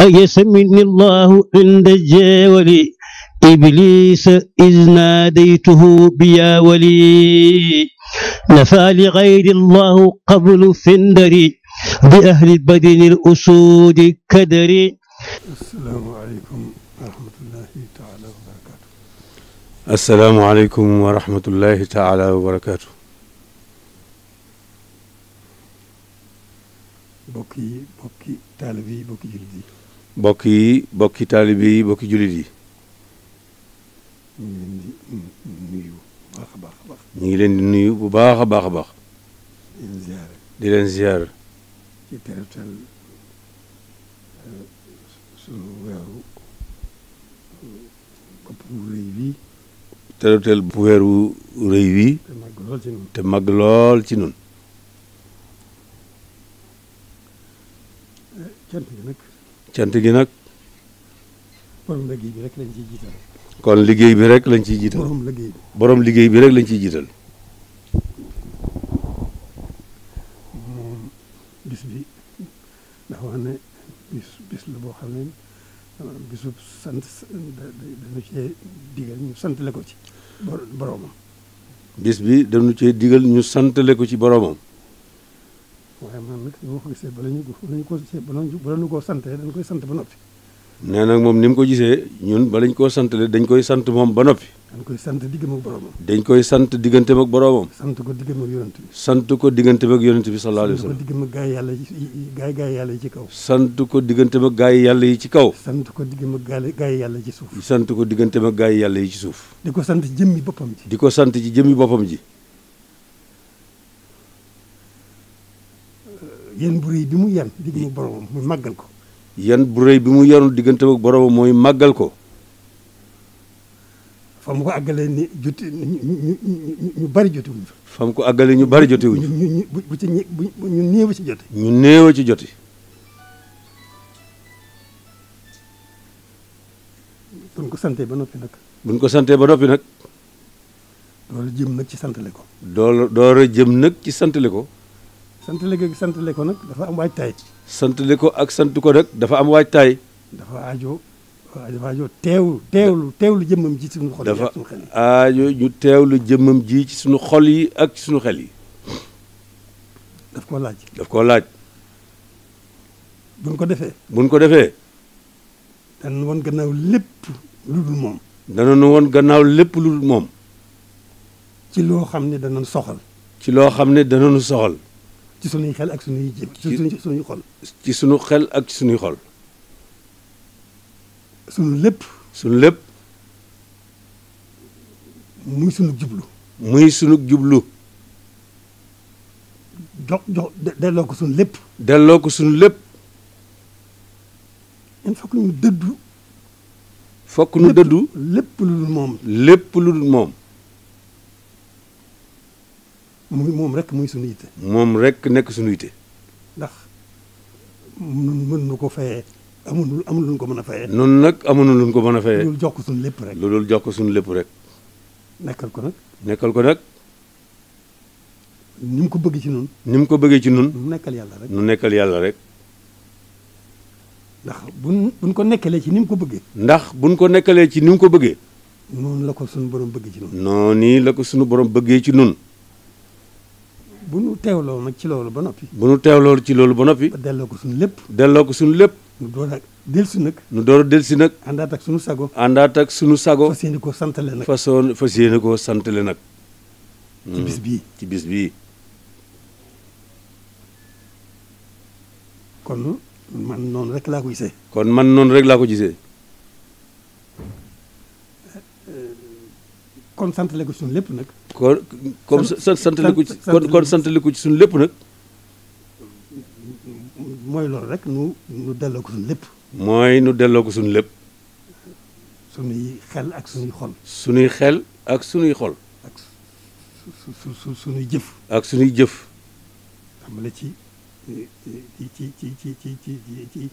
أيسمني الله عند الجاول إبليس إذ ناديته بيا ولي نفى لغير الله قبل فندري بأهل بدن الأسود كدري السلام عليكم ورحمة الله تعالى وبركاته السلام عليكم ورحمة الله تعالى وبركاته بكي بكي طالبي بكي جلدي bokk yi bokki taalibe yi bokki jullit yi ñu ngi leen di nuyu bu baax a baax a baax di leen ziar ci teertal uh, sunu weeru bu rëy wi teertal te mag lool ci nun cant gi nag. borom liggéey bi rek lañ ci jiital. kon liggéey bi rek lañ ciy jiital. borom liggéey bi liggéey bi rek lañ ciy jiital. moom bis bi dafa wax boo xam ne bisu sant dañu cee digal ñu ko ci boromam. bi dañu cee digal ñu santale ko ci boromam. waaye moom nag boo ko gisee ko gisee bala koo sant dañ koy sant ba noppi. nee na moom ni mu ko gisee ñun bala ñu koo sant dañ koy sant moom ba noppi. dañ koy sant diggam ak boromam. dañ koy sant digganteem ak boromam. sant ko diggam ak yonent sant ko digganteem ak yonent bi sallallahu alayhi wa sallam. sant ko gaay yàlla yi gaay gaay ci kaw. sant ko digganteem ak gaay yàlla yi ci kaw. sant ko diggam ak gaay yàlla yi ci suuf. sant ko digganteem ak gaay yàlla yi ci suuf. di ko sant jëmmi boppam di ko sant ci jëmmi boppam ji. yan bu rëy bi mu yan diggante ak boromam muy màggal ko. yan bu bi mu yanu diggante ak boromam mooy màggal ko. fa ko àggalee ni joti ñu bari jotiwuñ fa. ko àggalee ñu bari jotiwuñ. bu ci ñu néew ci joti. ñu néew ci joti. buñ ko santee ba noppi nag. buñ ko santee ba noppi nag. door jëm nag ci santale ko. door jëm nag ci santale ko. sant le gi sant le ko nag dafa am waajtaay. sant le ko ak sant ko nag dafa am waajtaay. dafa aajo dafa teew teewlu teew lu jëmmam ji ci suñu xol yi dafa aajo ñu teewlu jëmmam ji ci suñu xol yi ak suñu xel yi. daf koo laaj. daf koo laaj. buñ ko defee. buñ ko defee. danañ woon gannaaw lépp lu dul moom. danañ woon gannaaw lépp lu dul moom. ci loo xam ne danañ soxal. ci loo xam ne nu soxal. ci sunuy xel ak sunuy jëm ci sunuy xol. ci sunu xel ak ci sunuy xol. sunu lépp. sunu lépp. muy sunu jublu. muy sunu jublu. jox jox delloo ko sunu lépp. delloo ko sunu lépp. il faut que dëddu. fokk nu dëddu lépp lu dul moom. lépp lu dul moom. muy moom rek muy sunu yitte. moom rek nekk sunu yitte. ndax nun mën nu ko fayee amul amul luñ ko mën a fayee. noonu nag amul luñ ko mën a fayee. loolu jox ko sunu lépp rek. loolu jox ko sunu lépp rek. nekkal ko nag. nekkal ko nag. ni mu ko bëggee ci nun ni mu ko bëggee ci nun nekkal yàlla rek nu nekkal yàlla rek. ndax bu buñ ko nekkalee ci ni ko bëggee. ndax buñ ko nekkalee ci ni mu ko bëggee. noonu la ko sunu borom bëggee ci nun noonu la ko sunu borom bëggee ci nun bu nu teewloo nag ci loolu ba noppi. bu nu teewloo ci loolu ba noppi. delloo ko suñu lépp. delloo ko suñu lépp. nu door a nag. nu door a dellusi nag. àndaat ak suñu sago. àndaat ak suñu sago. fas yéene koo santale nag. façon fa yéene koo santale nag. ci bis hmm. bii bii. kon man noonu rek laa ko gisee. kon man noonu rek laa ko gisee. kon sant la ko suñu lépp nag. kon kon sant ko ci kon kon sant ko ci suñu lépp nag. mooy loolu rek nu nu delloo ko suñu lépp. mooy nu delloo ko suñu lépp. suñuy xel ak suñuy xol. suñuy xel ak suñuy xol. ak su suñuy jëf. ak suñuy jëf. xamale ci ci ci ci ci ci ci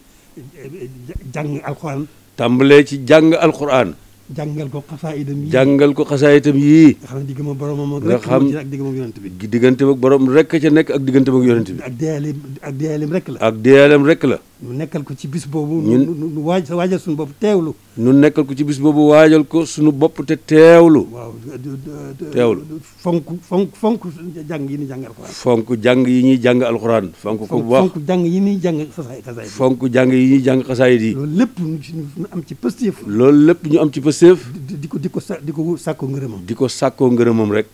jàng alxuraan. tàmbalee ci jàng alxuraan. jàngal ko xasaayitam yii jàngal ko xasaayitam yii. nga xam ne diggante boromam rek ak diggante yonent bi. diggante borom rek ca nekk ak diggante ak yonent bi. ak deeyaaleem ak deeyaaleem rek la. ak deeyaaleem rek la. ñu nekkal ko ci bis boobu. ñun ñu waaj waajal suñu bopp teewlu. ñu nekkal ko ci bis boobu waajal ko suñu bopp te teewlu. waaw fonk fonk fonk jàng yi ñuy jàng alxuraan. fonk jàng yi ñuy jàng alxuraan. fonk ko bu baax yi ñuy jàng xasaayid. jàng yi ñuy loolu lépp ñu am ci pësteef. loolu lépp ñu am ci pësteef. di ko di ko sa di ko sàkkoo ngërëmam. di ko sàkkoo ngërëmam rek.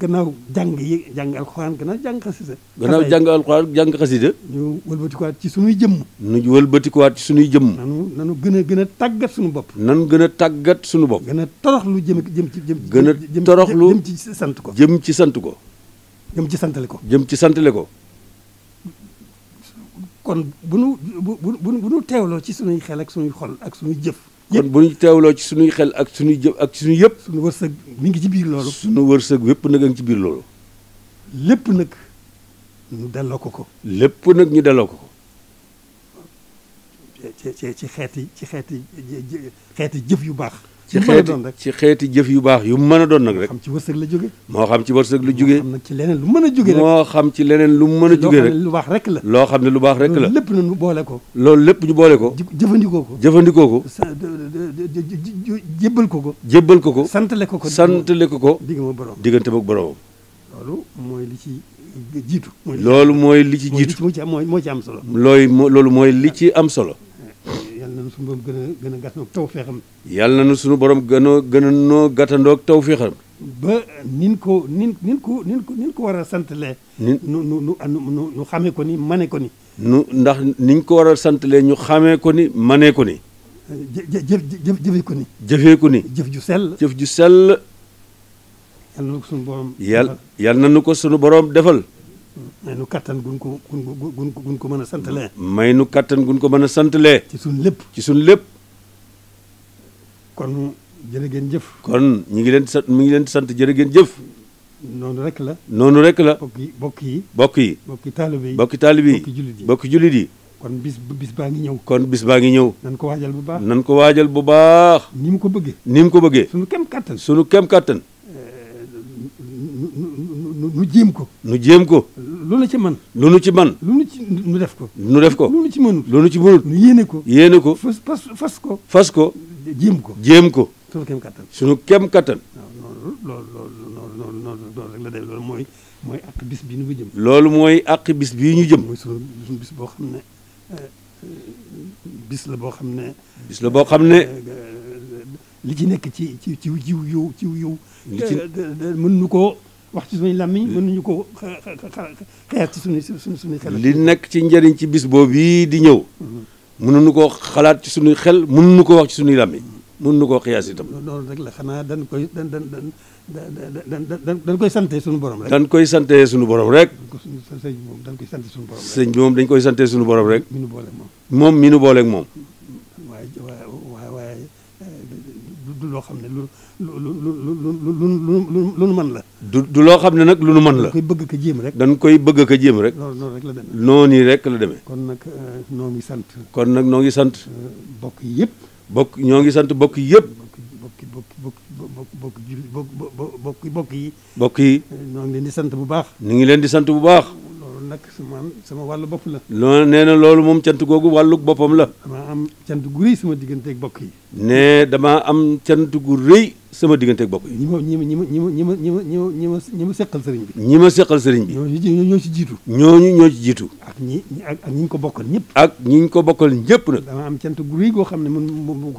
gannaaw jàng yi jàng alxuraan gannaaw jàng xasida gannaaw jàng alxuraan jàng xasida ñu wëlbatikuwaat ci sunuy jëmm ñu wëlbatikuwaat ci sunuy jëmm nanu nanu gën a gën a tàggat suñu bopp nanu gën a tàggat suñu bopp gën a toroxlu jëm jëm ci jëm gën a toroxlu jëm ci sant ko jëm ci sant ko jëm ci santale ko jëm ci santale ko kon bu nu bu bu nu teewloo ci sunuy xel ak sunuy xol ak sunuy jëf kon bu ñu teewloo ci suñuy xel ak suñuy jëf ak suñuy yëpp. suñu wërsëg mi ngi ci biir loolu. suñu wërsëg yëpp nag a ngi ci biir loolu. lépp nag ñu delloo ko ko. lépp nag ñu delloo ko ko. ci ci ci xeeti xeeti jëf yu baax. ci xeeti ci xeeti jëf yu baax yu mën a doon nag rek. moo xam ci wërsëg la jóge moo xam ci wërsëg la jóge moo xam ci leneen lu mën a jóge rek moo xam ci leneen lu mën a jóge rek lu baax rek la loo xam ne lu baax rek la loolu lépp ñu boole ko loolu lépp ñu boole ko jëfandikoo ko jëfandikoo ko jébbal ko ko jébbal ko ko santale ko ko santale ko ko diggante ak boromam loolu mooy li ci jiitu loolu mooy li ci jiitu moo ci am solo looy loolu mooy li ci am solo yàlla na nu suñu borom gën a gën a gàttandoog yàlla na nu suñu borom gën a gën a noo gàttandoog tawféexam. ba nin ko nin nin ko nin ko nin ko war a santale nin nu nu nu nu nu xamee ko ni mane ko ni. nu ndax niñ ko war a santalee ñu xamee ni mane ko ni. jë jë ko ni. jëfee ni. jëf ju sell. jëf ju sell. yàlla na nu ko suñu borom. yàlla yàlla na nu ko suñu boroom defal. may nu kattan gun ko gun ko gun ko mën a santalee. may nu kattan gun ko mën a santalee. ci suñ lépp ci suñ lépp. kon jërë ngeen jëf. kon ñu ngi leen sant mi ngi leen sant jërë ngeen jëf. noonu rek la. noonu rek la bokk yi bokk yi. bokk yi bokk taalibe yi bokk taalibe yi bokk jullit yi bokk yi. kon bis bis baa ngi ñëw. kon bis baa ngi ñëw. nan ko waajal bu baax nan ko waajal bu baax. ni mu ko bëgge ni ko bëggee. sunu kem kattan sunu kem kattan. nu jéem ko. nu jéem ko. lu ci man lu nu ci man lu ci nu def ko. nu def ko lu nu ci mënut. lu nu ci mënut. nu yéene ko. yéene ko fas fas ko. fas ko. jéem ko jéem ko. sunu kem kattan sunu kem kattan. loolu loolu loolu la demee loolu mooy mooy àq bis bii ñu jëm. loolu mooy àq bis ñu jëm. mooy sunu bis boo xam ne euh, bis la boo xam ne. bis la boo xam ne. Euh, li ci nekk ci ci ci jiw yiw ci yiw. li ci euh, nu koo. wax ci suñuy làmmiñ mënuñu ko xalaat ci suñuy suñuy xel. li nekk ci njëriñ ci bis boobu yii di ñëw. Mm-hmm. mënuñu koo xalaat suñuy xel mënuñu ko wax ci suñuy làmmiñ. mënuñu koo xiyaas itam. loolu rek la xanaa dañ koy dañ dañ dañ dañ dañ koy sante sunu borom rek. dañ koy sante suñu borom rek. sëñ bi moom koy sante suñu borom rek. sëñ bi moom dañ koy sante suñu borom rek. moom mi nu moom. du loo xam ne lu lu lu lu lu lu nu mën la. du du loo xam ne nag lu nu mën la. dañ koy bëgg ka jéem rek. dañ koy bëgg ka jéem rek. loolu noonu rek la demee. noonu rek la demee. kon nag noo ngi sant. kon nag noo ngi sant. bokk yëpp. bokk ñoo ngi sant bokk yëpp. bokk bokk bokk bokk bokk bokk yi. bokk yi. ñoo ngi leen di sant bu baax. ñu ngi leen di sant bu baax. nag man sama wàllu bopp la. non nee na loolu moom cant googu wàllu boppam la. damaa am cant gu rëy sama digganteeg bokk yi. ne damaa am cant gu rëy sama diggante ak bokk yi. ñi ma ñi ma ñi ma ñi ma ñi ma ñi ñi ma seqal sëriñ bi. ñi ma seqal sëriñ bi. ñooñu ñoo ci jiitu. ñooñu ñoo jiitu. ak ñi ak ñi ñu ko bokkal ñëpp. ak ñi ñu ko bokkal ñëpp dama am cant gu rëy goo xam ne mun mun mun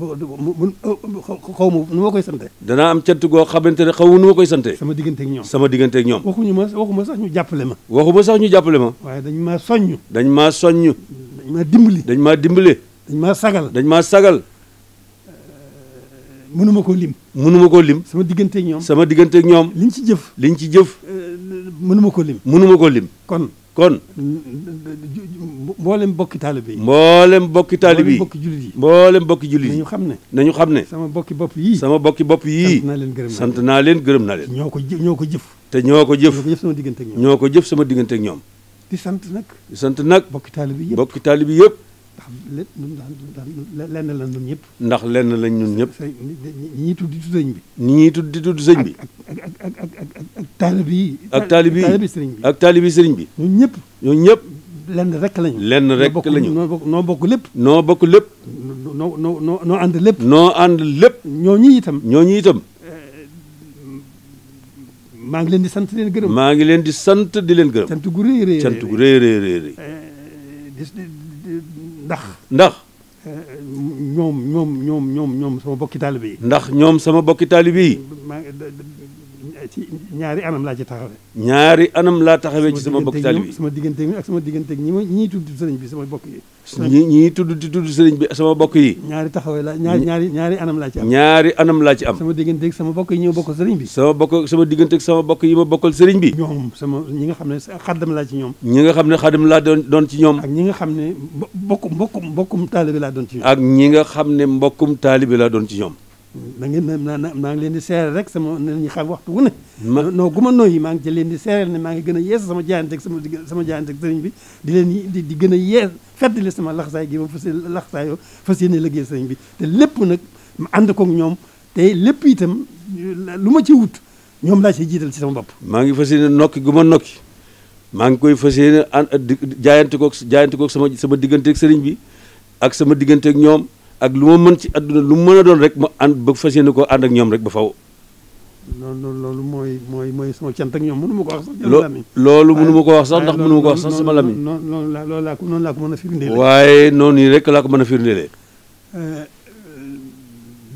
xaw ma nu ma koy sante. danaa am cant goo xamante ne xaw ma nu koy sante. sama diggante ak ñoom sama diggante ak ñoom. waxuñu ma waxuma sax ñu jàppale ma. waxuma sax ñu jàppale ma. waaye dañ maa soññu. dañ maa soññu. dañ dimbali. dañ maa dimbali. maa sagal. dañ maa sagal mënuma koo lim. mënuma koo lim. sama digganteeg ñoom sama digganteeg ñoom. liñ ci jëf liñ ci jëf. Euh, mënuma koo lim. mënuma koo lim. kon kon. mboolem bokki taalibe yi. mboolem bokki taalibe yi mboolem bokki jullit yi. mboolem bokki jullit yi xam ne. nañu xam ne. sama bokki bopp yi sama bokki bopp yi naa leen gërëm sant naa leen gërëm naa ñoo ko jë ñoo ko jëf. te ñoo ko jëf. ñoo ko jëf sama digganteeg ñoom ñoo ko jëf sama digganteeg di sant nag. di sant nag bokki taalibe yëpp bokki taalibe yëpp ndax lenn la ñun ñëpp. ndax lenn lañ ñun ñëpp. ñi ñuy tudd di tudd bi. ñi ñuy tudd di bi. ak ak ak ak ak ak taalib yi. bi. ñun ñëpp. ñun ñëpp. lenn rek lañu. lenn rek lañu noo bokk noo lépp. noo bokk lépp. noo noo noo noo ànd lépp. noo ànd lépp. ñooñu itam. ñooñu itam. Eh, maa ngi leen di sant di leen gërëm. maa ngi leen di sant di leen gërëm. ndax ndax ñoom ñoom ñoom ñoom ñoom sama bokki taalibe ndax ñoom sama bokki taalibe yi ci ñaari anam laa ci taxawee. ñaari anam laa taxawee ci sama mbokk taalibe sama diggante ak sama diggante ak ma ñii tudd sëriñ bi sama bokk yi. ñi ñii tudd di tudd sëriñ bi sama bokk yi. ñaari taxawee la ñaari ñaari ñaari anam laa ñaari anam laa ci am. sama diggante ak sama bokk yi ñi ma bokkal sëriñ bi. sama bokk sama diggante ak bokk yi ma bokkal sëriñ bi. ñoom sama ñi nga xam ne xaddam laa ci ñoom. ñi nga xam ne xaddam laa doon doon ci ñoom. ak ñi nga xam ne mbokkum mbokkum mbokkum taalibe laa doon ci ak ñi nga xam ne mbokkum taalibe laa doon ci ñoom na ngeen na maa ngi leen di seere rek sama nañu xam waxtu wu ne noo gu ma noyyi maa ngi ci leen di seereel ne maa ngi gën a yees sama jaayanteeg sama sama jaayanteeg sëriñ bi di leen di gën a yees feddali sama laxsaay gi ma fas laxsaayoo fas yéene liggéey sëriñ bi lépp nag ma ànd koog ñoom te lépp itam lu ma ci wut ñoom laa ciy jiital ci sama bopp maa ngi fas yéene nokki gu ma nokki maa ngi koy fas yéene jaayante koog jaayante koog sama sama digganteeg sëriñ bi ak sama digganteeg ñoom ak lu ma mën ci àdduna lu mu mën a doon rek ma ànd ba fas yéene koo ànd ak ñoom rek ba faw loolu loolu mooy mooy mooy sama cant ak ñoom mënu ko wax sax. loolu mënu ma ko wax sax ndax mënu ma ko wax sax sama lami. noonu la loolu laa ko noonu laa ko mën a firndeele. waaye noonu yi rek laa ko mën a firndeele. Euh,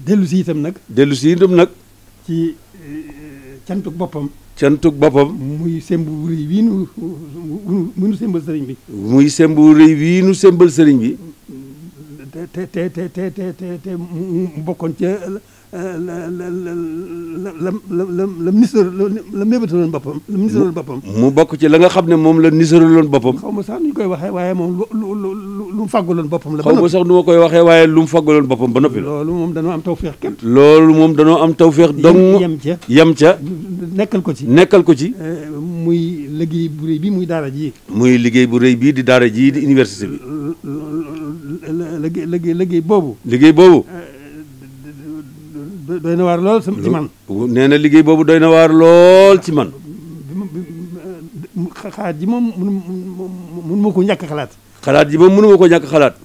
dellu si itam nag. dellu si itam nag. ci euh, cantuk boppam. cantuk boppam. muy sembu wu rëy sëriñ bi. muy sembu wu wii nu sembal sëriñ bi. te te te te te te mu bokkoon ca eh, la la la la la la nisar la mébétaloon boppam. la nisaraloon boppam. mu bokk ca la nga xam ne moom la nisaraloon boppam. xaw ma sax nu koy waxee waaye moom lu lu lu mu fàggaloon boppam la. ba noppi xaw ma nu ma koy waxee waaye lu mu fàggaloon boppam ba noppi loolu moom danoo am tawféex képp. loolu moom danoo am tawféex. dong yem ca yem ca. nekkal ko ci nekkal ko ci. Eh, muy liggéey bu rëy bi muy daara ji. muy liggéey bu rey bii di daara ji di université bi. liggéey liggéey liggéey boobu. liggéey boobu. Euh, doy na waar lool ci man. nee na liggéey boobu doy na waar lool ci man. Euh, xalaat ji moom mënu ma ko ñàkk xalaat. xalaat ji moom mënu ma ko ñàkk xalaat.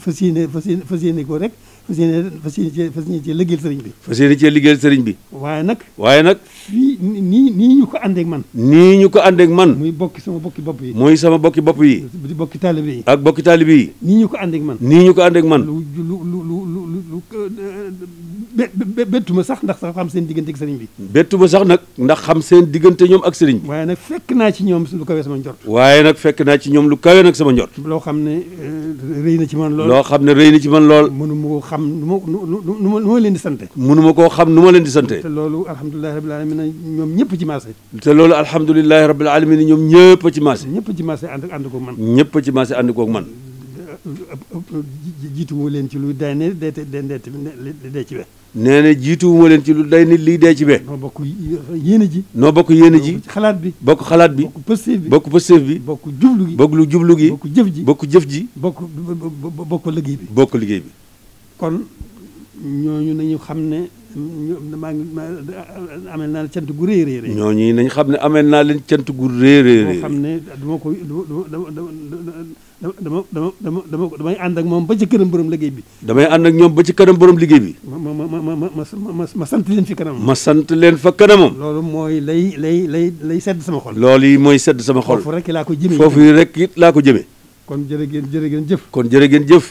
fas yéene fas yéene fas yéene ko rek fas yéene fas yéene cee sëriñ bi. fas yéene cee liggéeyal bi. waaye nag. waaye nag. fii nii nii ñu ko àndeek man. nii ñu ko àndeek man. muy bokki sama bokki bopp yi. muy sama bokki bopp yi. di bokki taalibe yi. ak bokki taalibe yi. nii ñu ko àndeek man. nii ñu ko àndeek man. lu lu lu lu. bettuma sax ndax sax xam seen diggante ak sëriñ bi bettuma sax nag ndax xam seen diggante ñoom ak sëriñ bi waaye nag fekk naa ci ñoom lu kawe sama njort waaye nag fekk naa ci ñoom lu kawe nag sama njort loo xam ne eh, rëy na ci man lool loo xam ne rëy na ci man lool mënuma koo xam nu ma nu ma leen di sante mënuma koo xam nu ma leen di sante te loolu alhamdulilahi rabbil alamin ñoom ñëpp ci maase te loolu alhamdulilahi rabbil alamin ñoom ñëpp ci maase ñëpp ci maase ànd ànd koog man ñëpp ci maase ànd koog man jiituwuma leen ci lu day ne dee dee ci be nee na jiituwuma leen ci lu day ne lii dee ci be noo bokk yéene ji noo bokk yéene ji xalaat bi bokk xalaat bi bokk pësteef bi bokk pësteef bi bokk jublu gi bokk lu jublu gi bokk jëf ji bokk jëf ji bokk bokk liggéey bi bokk liggéey bi kon ñooñu nañu xam ne maa ngi amel naa cant gu rëy rëy rëy. ñooñu nañ xam ne amel naa leen cant gu rëy rëy ne dama ko dama dama dama dama dama damay ànd ak moom ba ci kanam borom liggéey bi. damay ànd ak ñoom ba ci kanam borom liggéey bi. ma ma ma ma ma ma sant leen fi kanamam. ma sant leen fa kanamam. loolu mooy lay lay lay lay sedd sama xol. loolu yi mooy sedd sama xol. foofu rek laa ko jëmee foofu rek it laa ko jëmee. kon jërë ngeen jërë ngeen jëf. kon jërë ngeen jëf.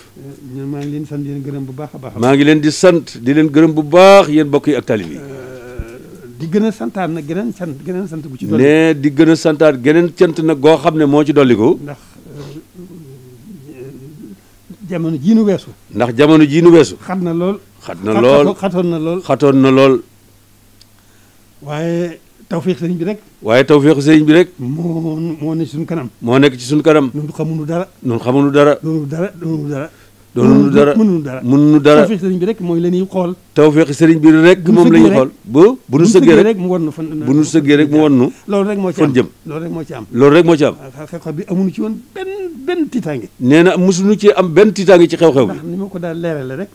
maa ngi leen di sant di leen gërëm bu baax a baax. maa ngi leen di sant di leen gërëm bu baax yéen mbokk yi ak talib yi. Euh, di gën a santaat na geneen sant geneen sant bu ci dolli. ne di gën a santaat geneen cant nag goo xam ne moo ci dolli ko. ndax euh, jamono jii nu weesu. ndax jamono jii nu weesu. xat na lool. xat na lool xatoon na lool. xatoon na lool. waaye. tawféex sëriñ bi rek. waaye tawféexu sëriñ bi rek. moo moo nekk ci suñu kanam. moo nekk ci suñu kanam. ñun xamuñu dara. ñun xamuñu dara. doonul dara doonul dara. doonul dara mënuñu dara mënuñu dara. tawféexu sëriñ bi rek mooy la ñuy xool. tawféexu sëriñ bi rek moom la ñuy xool. bu bu nu sëggee rek mu wan nu fan. bu nu sëggee rek mu wan nu. loolu rek moo ci am fan jëm. loolu rek moo ci am. loolu rek moo ci am. Ah, ah, xew-xew bi amuñu ci woon benn benn tiitaange. nee na mosuñu ci am benn tiitaange ci xew-xew bi. ndax ni ma ko daal leerale rek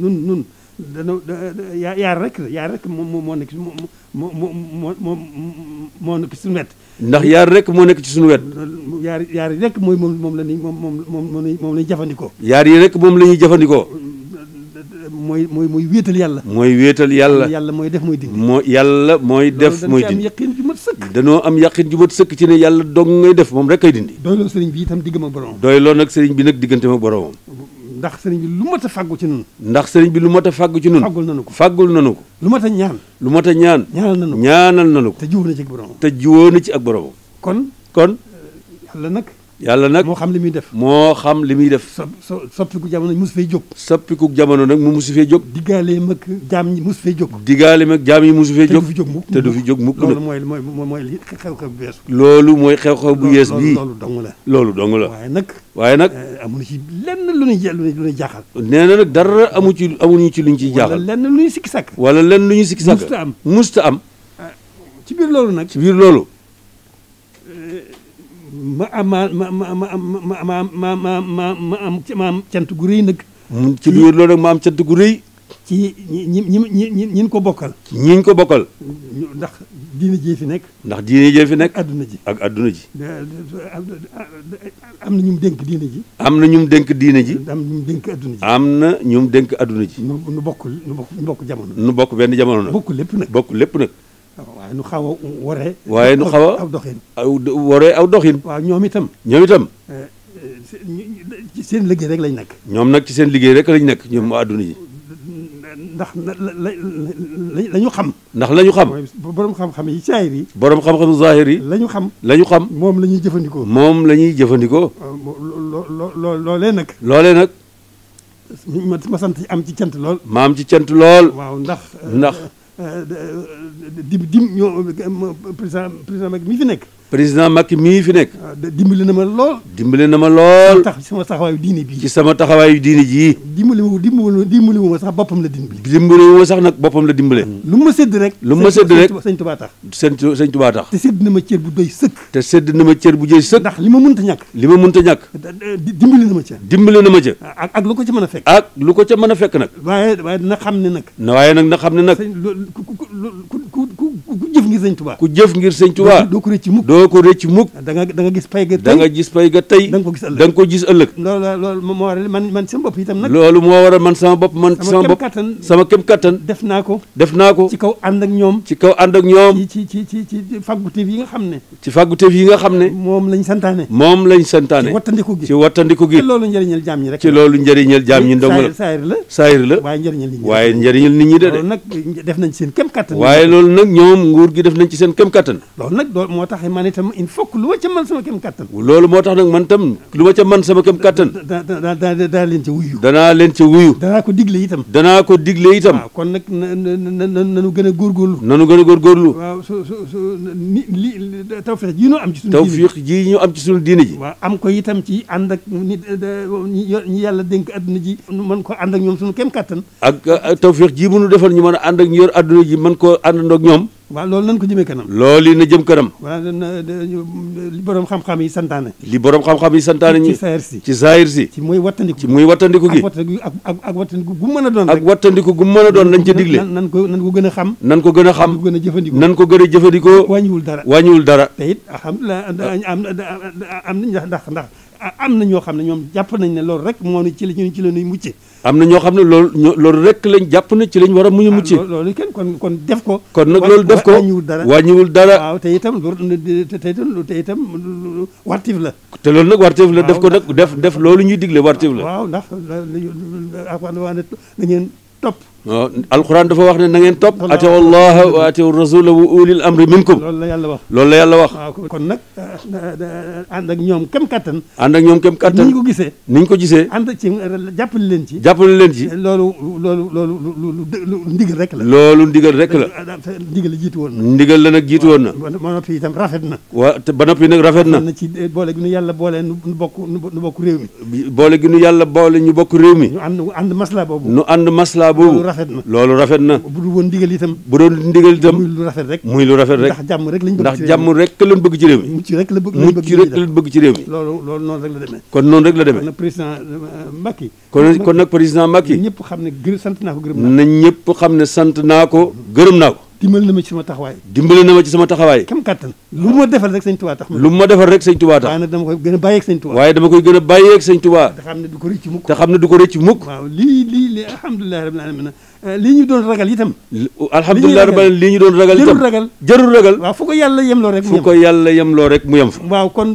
nun nun dana yaar rek yaar rek moo moo nekk moo moo moo moo moo nekk ci suñu wet. ndax yaar rek moo nekk ci suñu wet. yaar yaar yi rek mooy moom moom la ñuy moom moom moom la ñuy jëfandikoo. yaar yi rek moom la ñuy mooy mooy mooy wéetal yàlla. mooy wéetal yàlla. yàlla mooy def mooy dindi. moo yàlla mooy def mooy dindi. loolu dañoo am yaqin ju sëkk. am yaqin ju mat sëkk ci ne yàlla dong ngay def moom rek kay dindi. doyloo sëriñ bi itam diggam ak boromam. doyloo nag sëriñ bi nag diggante ma boromam. ndax sëriñ bi lu mat a fàggu ci nun ndax sëriñ bi lu mat fàggu ci nun fàggul nanu ko fàggul nanu ko lu mat a ñaan lu mat a ñaan ñaanal nanu ko ñaanal nanu ko te jiwoo na ci ak boromam te jiwoo na ci ak boromam kon kon yàlla nag yàlla nag moo xam li muy def moo xam li muy def. so soppiku jamono mu mus fay jóg. soppiku jamono nag mu mus fay jóg. digaale mag jaam yi mus fay jóg. digaale mag jaam yi mus fay jóg. te du fi jóg mukk nag loolu mooy mooy mooy xew-xew bu yees. loolu mooy xew-xew bu yees bii loolu dong la. loolu dong la waaye nag. waaye nag eh, amuñu ci lenn lu ñuy lu ñuy jaaxal. nee na nag dara amu ci amuñu ci luñ ciy jaaxal. wala lenn lu ñuy sikki sàkk. wala lenn lu ñuy sikki sàkk. musta am musta am. Eh, ci biir loolu nag ci biir loolu. ma am ma ma ma ma ma ma ma ma ma am ma am cant gu rëy nag. ci biir loolu nag ma am cant gu rëy. ci ñi ñi ñi ñi ñi ko bokkal. ñi ko bokkal. ndax diine jee fi nekk. ndax diine jee fi nekk. adduna ji ak adduna ji. am na ñu dénk diine ji. am na ñu dénk diine ji. am na ñu dénk adduna ji. am na ñu dénk adduna ji. nu bokk nu bokk jamono. nu bokk benn jamono nag. bokk lépp nag bokk lépp nag. nu xaw a waree. waaye nu xaw a aw doxin. aw waree aw doxin. waaw ñoom itam. ñoom itam. Eh, eh, seen liggéey rek lañ nekk. ñoom nag ci seen liggéey rek lañ nekk ñoom waa adduna yi. ndax la la la ñu xam. ndax la xam. borom xam-xam yi saahir yi. borom xam-xam saahir yi. la ñu xam. la xam moom la ñuy jëfandikoo. moom la ñuy jëfandikoo. loo loo loolee nag. loolee nag. ma sant am ci cant lool. ma am ci cant lool. waaw ndax eh, ndax. di di ñoo président président Macky mi fi nekk président Macky mii fi nekk. Ah, dimbali na ma lool. dimbali na ma lool. tax sama taxawaayu diine bii. ci sama taxawaayu diine jii. dimbali wu dimbali wu ma sax boppam la dimbali. dimbali wu ma sax nag boppam la dimbale. Mm. lu ma sédd rek. lu ma sédd rek sëñ Tuubaa tax. sëñ Tuubaa tax. te sédd na ma cër bu doy sëkk. te sédd na ma cër bu doy sëkk. ndax li ma ta ñàkk. li ma mënta ñàkk. dimbali na ma ca. dimbali na ma ca. ak ak lu ko ca mën a fekk. ak lu ko ca mën a fekk nag. waaye waaye na xam ne nag. waaye nag na xam ne nag. ku ngir sëñ Tuubaa ku jëf ngir sëñ Tuubaa doo ko rëcc mukk doo ko rëcc mukk da gis pay ga tey da nga gis pay ga tey ko gis ëllëg da ko gis ëllëg loolu moo waral man sama bopp man sama bopp sama kem kattan def naa ko def naa ko ci kaw ci ne ci fàgguteef yi nga xam ne loolu njëriñal jaam ñi la saayir la saayir la waaye njëriñal nit ñi waaye njëriñal nit ñi de de nag def nañ seen kem kattan waaye loolu nag ñoom nguur gi def nañ ci seen kem kattan loolu nag loolu moo tax man itam il faut que lu ma ca man sama kem loolu moo tax nag man tam lu ma ca man sama kem kattan danaa leen ca wuyu danaa leen ca wuyu danaa ko digle itam danaa ko digle itam waaw kon nag na nanu gën a góorgóorlu nanu gën góorgóorlu waaw su su su ni li tawfiix ji ñu am ci suñu tawfiix ji ñu am ci suñu diine ji ko itam ci ànd ak nit ñi yàlla dénk adduna ji mën ko ànd ak ñoom suñu kem kattan ak uh, tawfiix ji bu nu defal ñu mën a ànd ak ñu yor ji mën ko àndandoog ñoom waaw loolu nañ ko jëmee kanam. loolu yi na jëm kanam. voilà li borom xam-xam yi santaane. li borom xam-xam yi santaane ñi. ci saayir si ci saayir si. ci muy wattandiku ci muy wattandiku gi. ak ak ak wattandiku gu mën a doon ak wattandiku gu mën a doon lañ ca digle. nan ko nan ko gën a xam. nan ko gën a xam nan ko gën a jëfandikoo. wàññiwul dara wàññiwul dara. te it alhamdulilah am am ndax ndax ndax. am na ñoo xam ne ñoom jàpp nañ ne loolu rek moo ni ci la ñu ci la ñuy mucce am na ñoo xam ne loolu loolu rek lañ jàpp na ci lañ war a muñu mucce loolu kenn kon kon def ko kon nag loolu def ko wàññiwul dara wàññiwul dara waaw te itam lu te itam te itam wartif la te loolu nag wartif la def ko nag def def loolu ñuy digle wartif la waaw ndax la ngeen topp waaw alquran dafa wax ne na ngeen topp atiw allaha wa atiw rasula wa la yàlla wax loolu la yàlla wax kon nag eh, eh, eh, ànd ak ñoom kem kattan ànd ak ñoom kem kattan ni ko gisee ni ñu ko gisee ànd ci jàppale leen ci jàppale leen ci loolu loolu loolu lu ndigal rek la loolu ndigal rek la ndigal la jiitu woon na ndigal la nag na ba noppi itam rafet na ba noppi nag rafet na na ci boole gi nu yàlla boole nu bokk nu bokk réew mi boole gi nu yàlla boole ñu bokk réew mi ñu ànd ànd masla boobu nu ànd masla boobu rafet na loolu rafet na bu dul woon ndigal itam bu doon ndigal itam muy lu rafet rek muy lu rafet rek ndax jàmm rek lañ bëgg ndax jàmm rek lañ bëgg ci réew mi mucc rek la bëgg mucc rek lañ bëgg ci réew mi loolu loolu noonu rek la demee kon noonu rek la demee kon nag président euh, Macky kon kon nag président Macky ñëpp xam ne gërëm sant naa ko gërëm naa ko na ñëpp xam ne sant naa ko gërëm naa ko dimbali na ma ci sama taxawaay dimbali na ma ci sama taxawaay kam kàttan lu ma defal rek sëñ Tuubaa tax lu ma defal rek sëñ Tuubaa tax waaye nag dama koy gën a bàyyeeg sëñ Tuubaa waaye dama koy gën a bàyyeeg sëñ Tuubaa te xam ne du ko rëcc mukk te xam ne du ko rëcc mukk waaw lii lii lii alhamdulilah rabbil alamin Euh, li ñu doon ragal itam. alhamdulilah rabbil li ñu doon ragal itam jarul ragal jarul ragal. waaw fu ko yàlla yemloo rek. fu ko yàlla yemloo rek mu yem fa. waaw kon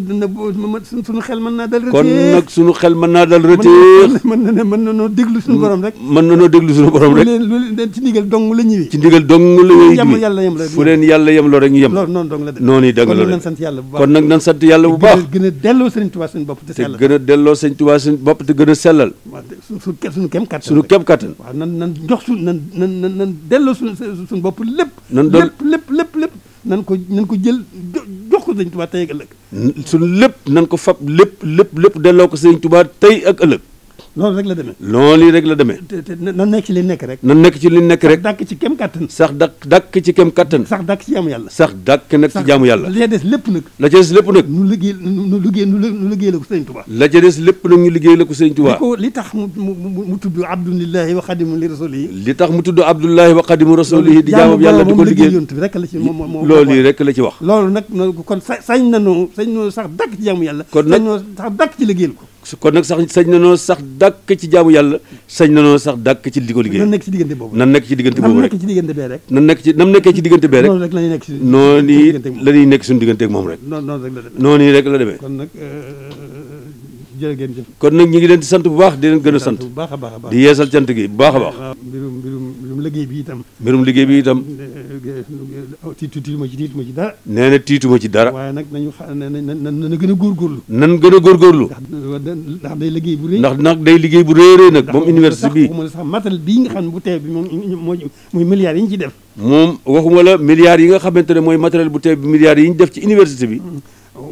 suñu xel mën naa dal. rëtéer kon nag suñu xel mën naa dal rëtéer. mën na mën na noo déglu suñu borom rek. mën na noo déglu suñu borom rek. lu leen ci ndigal dong la ñëwee. ci ndigal dong la ñuy ñëwee fu leen yàlla yemloo rek ñu yem. loolu noonu dong la def noonu yi danga la def kon nag nan sant yàlla bu baax. gën a delloo sëñ Tuubaa suñu bopp te sellal te gën a delloo sëñ Tuubaa suñu bopp te gën a sellal. suñu kem kattan suñu kem kattan. waaw nan nan jox suñ nan nan nan nan delloo suñ suñ bopp lépp lépp lépp lépp lépp nan ko nan ko jël jox ko sëñ tubaa tey ak ëllëg suñ lépp nan ko fab lépp lépp lépp delloo ko sëñ tubaa tey ak ëllëg loolu rek la demee. loolu rek la demee. te na nekk ci li nekk rek. na nekk ci li nekk rek. dàkk ci kem kattan. sax dàkk dàkk ci kem kattan. sax dàkk ci jaamu yàlla. nag ci jaamu yàlla. la des lépp nag. la ca des lépp nag. nu liggéey nu liggéey nu liggéey la ko sëñ ñu liggéey la ko sëñ Tuubaa. li tax mu mu mu tudd Abdullahi wa xadimu li li tax mu tudd Abdullahi wa xadimu rasulihi. di jaamu yàlla di ko liggéey loolu yi rek la ci wax. loolu nag kon sañ nañu sañ nañu sax dàkk ci jaamu yàlla. kon nag sañ nañu sax dàkk ci liggéeyal ko su kon nag sax sañ na noo sax dàkk ci jaamu yàlla sañ na noo sax dàkk ci di ko liggéey. nan nekk ci diggante boobu nan nekk ci diggante boobu rek nan nekk ci nam nekkee ci diggante bee rek. la ñuy nekk ci diggante moom noonu la ñuy nekk rek. noonu rek la demee jërë ngeen jëf kon nag ñu ngi leen di sant bu baax di leen gën a sant bu baax a baax a baax di yeesal cant gi bu baax a baax mbirum mbirum mbirum liggéey bi itam mbirum liggéey bi itam tiitu tiituma ci tiituma ci dara nee na tiituma ci dara waaye nag nañu xa na gën a góorgóorlu nan gën a góorgóorlu ndax day liggéey bu rëy ndax nag day liggéey bu rëy rëy nag moom université bi waxuma la sax matal bii nga xam ne bu teew moom moo muy milliards yi ci def moom waxuma la milliards yi nga xamante ne mooy matériel bu teew bi yi ñu def ci université bi mm.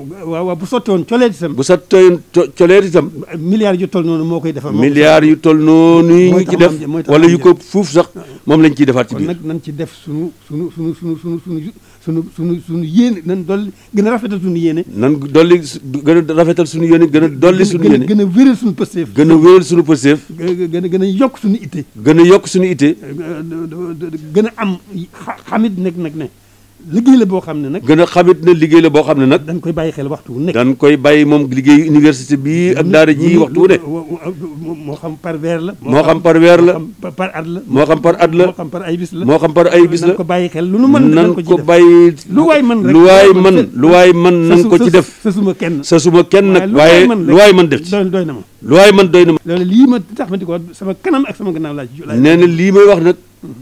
waaw waaw bu sottoon coleet itam. bu sottoon coleet itam. milliards yu toll noonu moo koy defar. milliards yu toll noonu yi ñu ci def wala yu ko fuuf sax moom lañ ciy defaat ci biir. kon nag nañ ci def sunu sunu sunu sunu sunu sunu sunu sunu sunu yéene nañ dolli gën a rafetal yéene. nan dolli gën a rafetal sunu yenee gën a dolli sunu yéene. gën a wéral sunu pësteef. gën a wéral sunu pësteef. gën a gën a yokk sunu itte. gën a yokk sunu itte. gën a am xamit nag nag ne. liggéey la boo xam ne nag. gën a xamit na liggéey la boo xam ne nag. dañ koy bàyyi xel waxtu wu nekk. dañ koy bàyyi moom liggéey université bii ak daara ji moo xam par weer la. moo xam par weer la. par at la. moo xam par at la. xam par ay bis la. moo xam par ay bis la. nañ ko bàyyi lu nu mën nañ ko ci def nañ ko bàyyi. lu waay mën rek lu waay mën lu ko ci def. sa kenn sa suma kenn nag. waaye lu waay mën def ci doy na ma. lu waay mën doy na ma. lii ma tax ma sama kanam ak sama gannaaw laa ci nee na lii may wax nag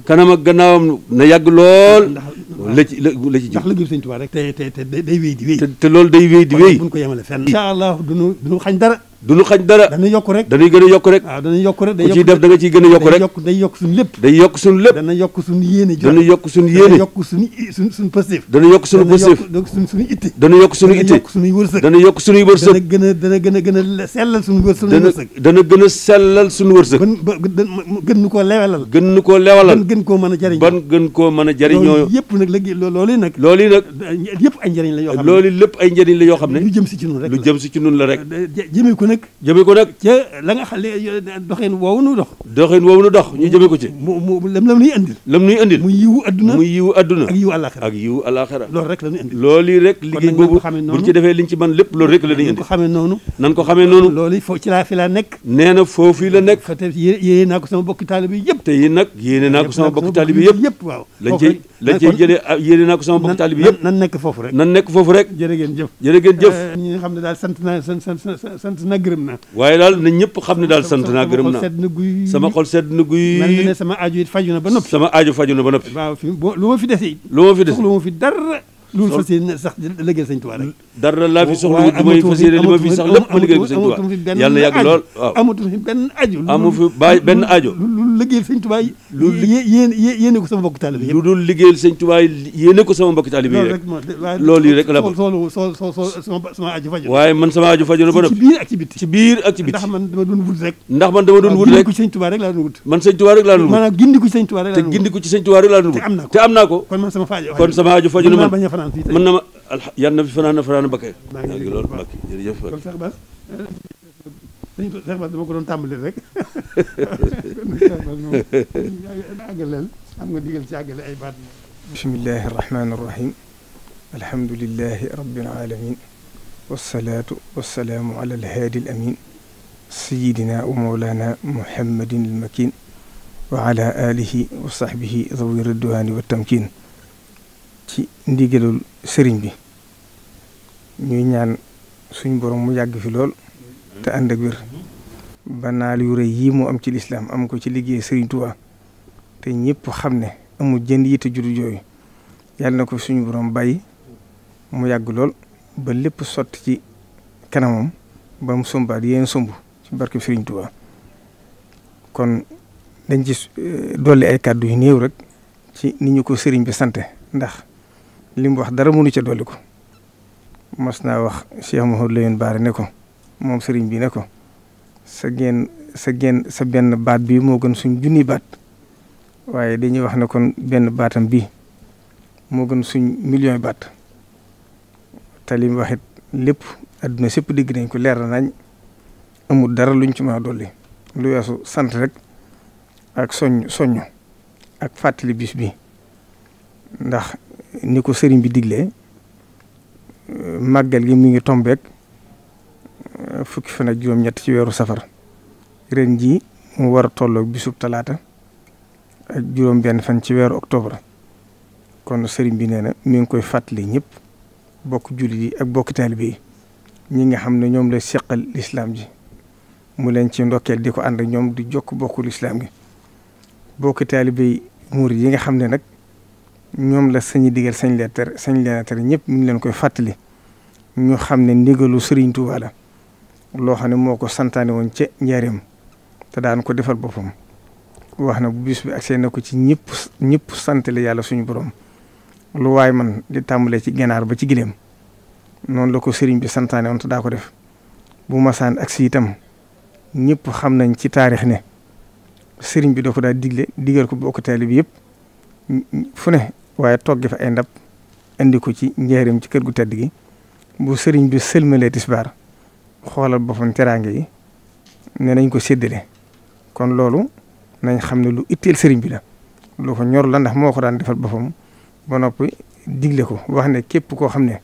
kanam ak gannaawam na yàgg lool la ci la la ci jub ndax liggéeyu Sëñ Tuubaa rek te te day wéy di wéy te loolu day wéy di wéy buñ ko yemale fenn incha allah duñu duñu xañ dara du lu xañ dara yokk rek dañuy gën yokk rek waaw ah, dañuy yokk rek ku ciy def da nga ciy gën a yokk rek day yokk suñu lépp day yokk suñu lépp dana yokk suñu yéene dana yokk suñu yéene yokk suñu suñ suñu positif dana yokk suñu positif suñ yokk suñu itte yokk suñuy dana yokk suñuy wërsëg dana gën a dana gën a gën a sellal suñu wërsëg dana gën a sellal suñu wërsëg gën nu koo lewalal gën gën koo mën a jariñ ban gën koo mën a jariñoo yëpp nag léegi loolu nag loolu nag yëpp ay la yoo xam lépp ay njariñ la yoo xam ne lu jëm si ci nun rek lu jëm si ci nun la rek nag jëme ko nan ko xamee noonu loolu foofu ci laa fi nekk nee foofu la nekk te ko sama bokki taalibe yi yëpp nekk foofu rek nan nekk foofu rek naa gërëm naa waaye daal na ñëpp xam ne daal sant naa gërëm naa sedd na guy sama xol sedd na guy mel na ne sama aajo it faju na ba noppi sama aajo faju na ba noppi lu ma fi dese lu ma fi dese lu ma fi dara lu fas yéene sax liggéeyal sëñ lu liggéeyal sëñ Tuubaa lu lu dul liggéeyal sëñ Tuubaa ko sama mbokk taalibe rek loolu yi rek la solo solo waaye man sama aajo faju na ba noppi ci biir ak ci biti man te am naa ko kon sama aajo faju na man fanaan fii tey mën na ma yal na fi fanaan fanaan Mbakke. maa ngi léegi loolu Mbakke jërëjëf Mbakke. kon Cheikh Bass eh, dañu ko Cheikh Bass dama ko doon tàmbali rek kon Cheikh Bass moom àggaleel am nga digal ci àggale ay baat. bismillahi rahmaani rahim alhamdulillahi rabbil alamin wasalaatu wasalaamu ala alhaadi al amin sayidina wa mawlana muhammadin almakin wa ala alihi wa sahbihi dawi ridwaani wa tamkin ci ndigalul sëriñ bi ñuy ñaan suñ borom mu yàgg fi lool te ànd wér ba naal yu rëy yii moo am ci lislaam am ko ci liggéey sëriñ Tuubaa te ñëpp xam ne amul jënd yi te juddu jooyu yàlla na ko suñu borom bàyyi mu yàgg lool ba lépp sotti ci kanamam ba mu sombaat yéen somb ci barke sëriñ Tuubaa kon dañ ci eh, dolli ay kàddu yu néew rek ci ni ñu ko sëriñ bi sante ndax li wax dara mënu ca dolli ko mas naa wax Cheikh Mouhamadou Lamine Bara ne ko moom sëriñ bi ne ko sa genn sa genn sa benn baat bi moo gën suñ junni baat waaye dañuy wax ne kon benn baatam bi moo gën suñ million baat te li waxit lépp àdduna sépp dégg nañ ko leer nañ amul dara luñ ci mën dolli lu weesu sant rek ak soññ soññ ak fàttali bis bi ndax ni ko sëriñ bi digle màggal gi mu ngi tombeek eh, fukki fan ak juróom-ñett ci weeru safar ren ji mu war a tolloog bisub talaata ak juróom-benn fan ci weeru octobre kon sëriñ bi nee na mi ngi koy fàttale ñëpp bokk jullit yi ak bokk taalibe yi ñi nga xam ne ñoom lay seqal lislaam ji mu leen ci ndokkeel di ko ànd ñoom di jokk bokku lislaam bokk taalibe yi muur yi nga xam ne nag. ñoom la sañi digal sañ leen tere sañ leen tere ñëpp ñu ngi leen koy fàttali ñu xam ne ndigalu Serigne Touba la loo xam ne moo ko santaane woon ca njaareem te daan ko defal boppam wax na bu bis bi agsee na ko ci ñëpp ñëpp sant yàlla suñu borom lu waay man di tàmbalee ci ganaar ba ci gileem noonu la ko Serigne bi santaane woon daa ko def bu masaan agsi itam ñëpp xam nañ ci taarix ne Serigne bi da ko daa digle diggal ko bokk taalibe bi yëpp. fu ne waaye togg fa ay ndab indi ko ci njaareem ci kër gu tedd gi bu sëriñ bi sëlmalee tisbaar xoolal boppam teraange yi ne nañ ko séddale kon loolu nañ xam ne lu itteel sëriñ bi la lu ko ñor la ndax moo ko daan defal boppam ba noppi digle ko wax ne képp koo xam ne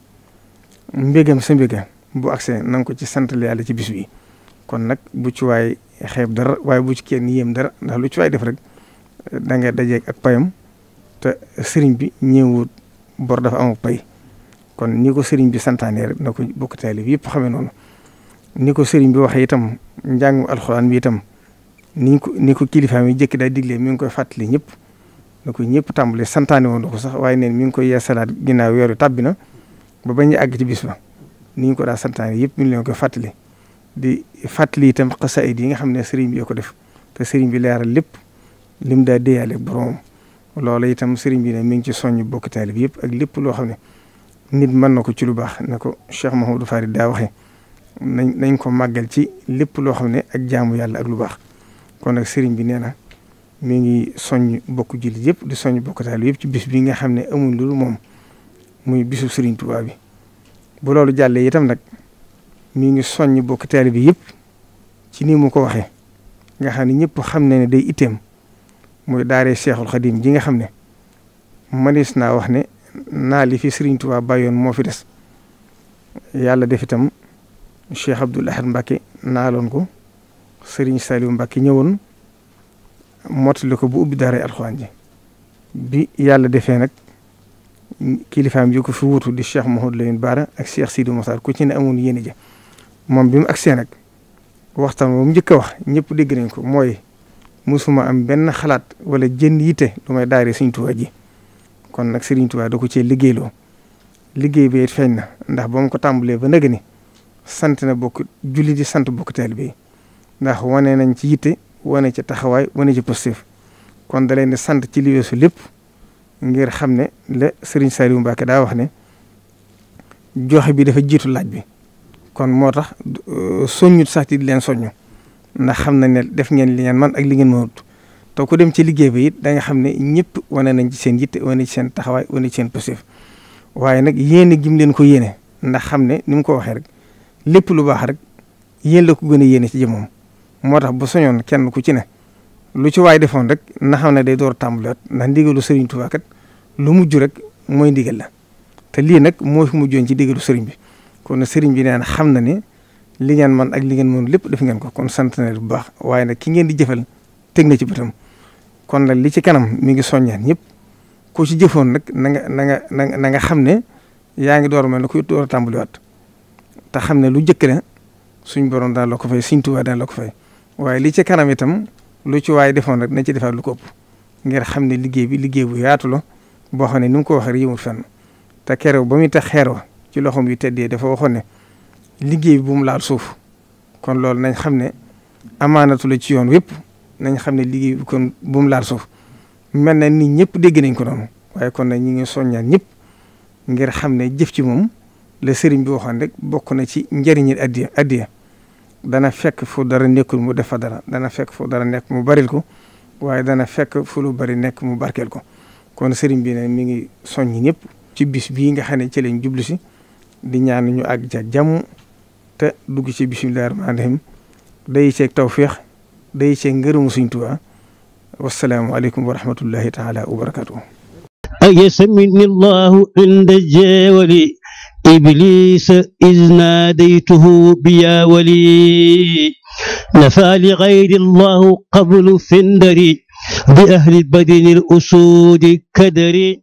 mbégam sa mbéga bu agsee na nga ko ci santale yàlla ci bisu bi kon nag bu ci waay xeeb dara waaye bu ci kenn yéem dara ndax lu ci waay def rek da nga ak payam te sëriñ bi ñëwut bor dafa amul pay kon ni ko sëriñ bi santaane rek ko bokk taalib yëpp xamee noonu ni ko sëriñ bi waxee itam njàngum alxuraan bi itam niñ ko ni ko kilifaam yi jëkk daa diglee mi ngi koy fàttali ñëpp ko ñëpp tàmbali santaane woon ko sax waaye neen mi ngi koy yeesalaat ginnaaw weeru tàbbi na ba bañ a àgg ci bis ba ni ko daa santaane yëpp mi ngi leen koy fàttali di fàttali itam xasaayid yi nga xam ne sëriñ bi ko def te sëriñ bi leeral lépp lim daa déyaale boromam loolu itam sëriñ bi ne mi ngi ci soññ bokk taalib yëpp ak lépp loo xam ne nit mën na ko ci lu baax na ko Cheikh Mahamadou Farid daa waxee nañ nañ ko màggal ci lépp loo xam ne ak jaamu yàlla ak lu baax kon nag sëriñ bi nee na mi ngi soññ bokk jullit yëpp di soññ bokk taalib yëpp ci bis bi nga xam ne amul lu moom muy bisu sëriñ Tuubaa bi loolu jàllee itam nag mi ngi soññ bokk taalib yëpp ci ni mu ko waxee nga xam ne ñëpp xam ne ne day iteem muy daaree Cheikhul Khadim ji nga xam ne manis naa wax ne naa li fi Serigne Touba bàyyoon moo fi des yàlla def itam Cheikh Abdoul Ahad Mbacke naaloon ko sëriñ Serigne Saliou Mbacke ñëwoon mottali ko bu ubbi daaree alxuraan ji bi yàlla defee nag kilifaam yi ko fi wutu di Cheikh Mouhamadou Lamine Bara ak Cheikh Sidi Moussa ku ci ne amoon yéene ja moom bi mu agsee nag waxtaan bu mu njëkk a wax ñépp dégg nañ ko mooy. musuma am benn xalaat wala jënd yitte lu may daari Sëriñ ji kon nag Sëriñ Tuubaa da ko cee liggéeyloo liggéey bi it feeñ na ndax ba mu ko tàmbalee ba nag ni sant na bokk julli di sant bokk teel bi ndax wane nañ ci yitte wane ci taxawaay wane ci positif kon da leen sant ci li weesu lépp ngir xam ne la Sëriñ Saliou Mbacké daa wax ne joxe bi dafa jiitu laaj bi kon moo tax soññut sax di leen soññ ndax xam nañ ne def ngeen li man ak li ngeen mënut te ko dem ci liggéey bi it da xam ne ñëpp wane nañ ci seen yitte wane seen taxawaay wane seen positif waaye nag yéene gim leen ko yéene ndax xam ne ni ko waxee rek lépp lu baax rek yéen la ko gën a yéene ci jëmmam moo tax bu soñoon kenn ku ci ne lu ci waay defoon rek na xam ne day door tàmbaliwaat ndax ndigalu Serigne Touba lu mujj rek mooy ndigal la te lii nag moo fi mujjoon ci ndigalu Serigne bi kon Serigne bi nee na xam na ne. li ngeen man ak li ngeen mën lépp def ngeen ko kon sant na bu baax waaye nag ki ngeen di jëfal teg na ci bëtam kon nag li ci kanam mi ngi soññaan ñëpp ku ci jëfoon nag na nga na nga na nga xam ne yaa ngi door mel ne ku door a tàmbaliwaat te xam ne lu njëkk la suñ borom daal la ko fay suñ tubaab daal la ko fay waaye li ci kanam itam lu ci waaye defoon rek nañ ci defaat ko ëpp ngir xam ne liggéey bi liggéey bu yaatu la boo xam ne ni mu ko waxee rek yëmul fenn te keroog ba muy tax xeer wa ci loxoom yu teddee dafa waxoon ne. liggéey bu mu laal suuf kon loolu nañ xam ne amaanatul ci yoon wépp nañ xam ne liggéey bi kon bu mu laal suuf mel na ni ñëpp dégg nañ ko noonu waaye kon nag ñu ngi soññaan ñëpp ngir xam ne jëf ci moom la sëriñ bi waxoon rek bokk na ci njëriñi addiya addiya dana fekk fu dara nekkul mu def fa dara dana fekk fu dara nekk mu baril ko waaye dana fekk fu lu bari nekk mu barkeel ko kon sëriñ bi ne mi ngi soññ ñëpp ci bis bii nga xam ne ci lañ jublu si di ñaan ñu àgg ca te dugg ci bismillahi rahmaani rahim day ceeg tawféex day ceeg ngërëmu Sëriñ Tuubaa wasalaamualeykum wa rahmatullahi taala wa barakatuh أيسمني الله عند الجاول إبليس إذ ناديته بيا ولي نفى لغير الله قبل فندري بأهل بدن الأسود كدري